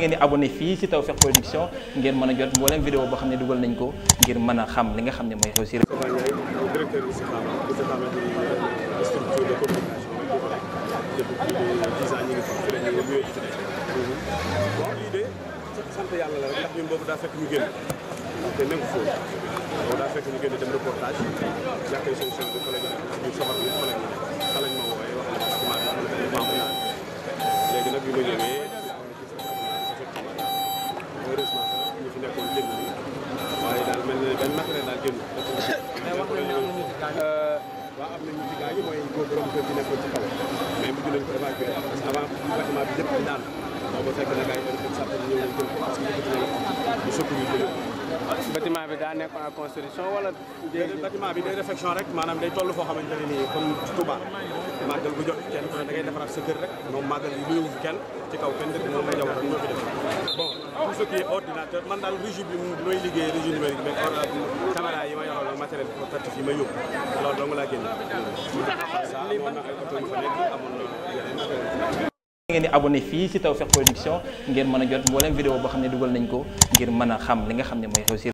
ngeen di abonné fii ci Tawfekh Production ngeen mën a jot mboolem vidéo boo xam ne dugal nañ ko ngir mën a xam li nga xam ne mooy xew ci rek directeur bi structure de communication depuis plus de 10 ans ñu ngi fi fi lañu ñëwee ci nekk waaw de sant yàlla la rek ndax ñun ñu génn te nekk foofu boobu daa fekk benn matériel daal génn. Euh, waaw am nañu ci gars yi mooy góor borom kër gi nekkoon ci kaw mais mujj nañu ko évacué parce que avant bâtiment bi lépp dañ daan boobu fekk na gars yi dañ ko sàpp ñëw nañ jël parce que yëkkati nañ ko bu sëkk ñu jëlee bâtiment bi daa nekk en construction wala. déedéet bi day réfection rek maanaam day toll foo xamante ne nii comme Touba màggal bu jot kenn ku ne da ngay defaraat sa yi luyewu fi ci kaw kenn man daal régie bi mooy liggéey régie numérique ma yoroon matériel portatif yi ma yóbbu loolu dong laa génn. ngeen di a jot mboolem vidéo boo xam ne dugal nañ ko ngir mën a xam li nga xam ne mooy réussir